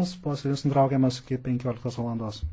Mūsų posėdis nutraukiamas iki 15 valandos.